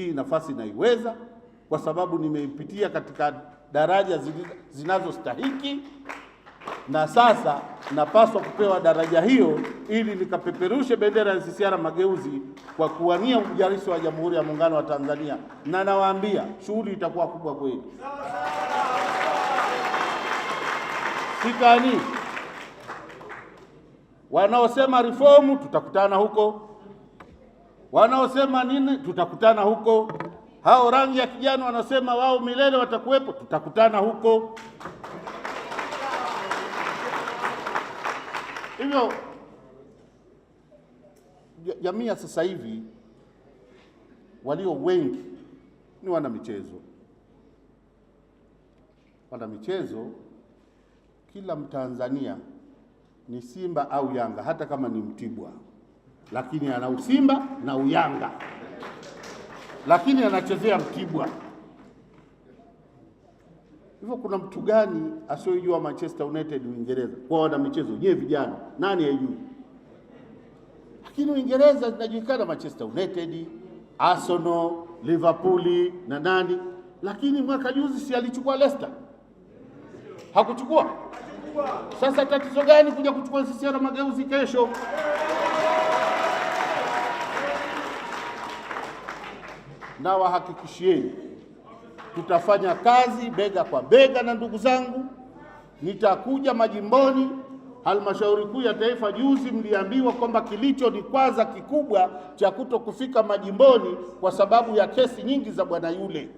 hii nafasi naiweza kwa sababu nimeipitia katika daraja zinazostahiki na sasa napaswa kupewa daraja hiyo ili nikapeperushe bendera ya CCR Mageuzi kwa kuwania urais wa Jamhuri ya Muungano wa Tanzania, na nawaambia shughuli itakuwa kubwa kweli. sikani wanaosema reformu, tutakutana huko, Wanaosema nini, tutakutana huko. Hao rangi ya kijani wanaosema wao milele watakuwepo, tutakutana huko. Hivyo jamii ya sasa hivi walio wengi ni wana michezo. Wana michezo, kila Mtanzania ni Simba au Yanga, hata kama ni Mtibwa lakini ana Usimba na Uyanga, lakini anachezea Mtibwa. Hivyo kuna mtu gani asiyojua Manchester United Uingereza kwa wana michezo nyewe vijana, nani haijui? Lakini Uingereza zinajulikana Manchester United, Arsenal, Liverpool na nani, lakini mwaka juzi si alichukua Leicester? Hakuchukua? Sasa tatizo gani kuja kuchukua na mageuzi kesho? na wahakikishieni tutafanya kazi bega kwa bega na ndugu zangu. Nitakuja majimboni. Halmashauri kuu ya taifa, juzi mliambiwa kwamba kilicho ni kwaza kikubwa cha kuto kufika majimboni kwa sababu ya kesi nyingi za bwana yule.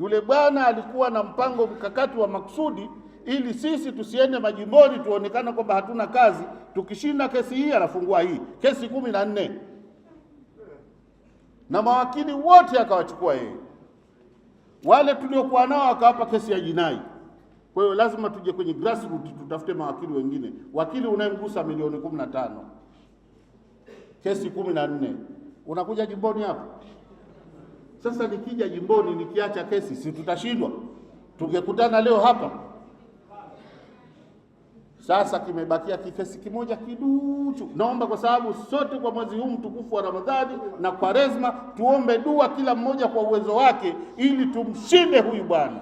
Yule bwana alikuwa na mpango mkakati wa makusudi ili sisi tusiende majimboni, tuonekana kwamba hatuna kazi. Tukishinda kesi hii, anafungua hii kesi kumi na nne na mawakili wote akawachukua yeye, wale tuliokuwa nao akawapa kesi ya jinai. Kwa hiyo lazima tuje kwenye grassroots tutafute mawakili wengine. Wakili unayemgusa milioni kumi na tano kesi kumi na nne unakuja jimboni hapo. Sasa nikija jimboni nikiacha kesi, si tutashindwa? Tungekutana leo hapa sasa kimebakia kifesi kimoja kiduchu. Naomba kwa sababu sote kwa mwezi huu mtukufu wa Ramadhani na Kwaresma tuombe dua kila mmoja kwa uwezo wake, ili tumshinde huyu bwana.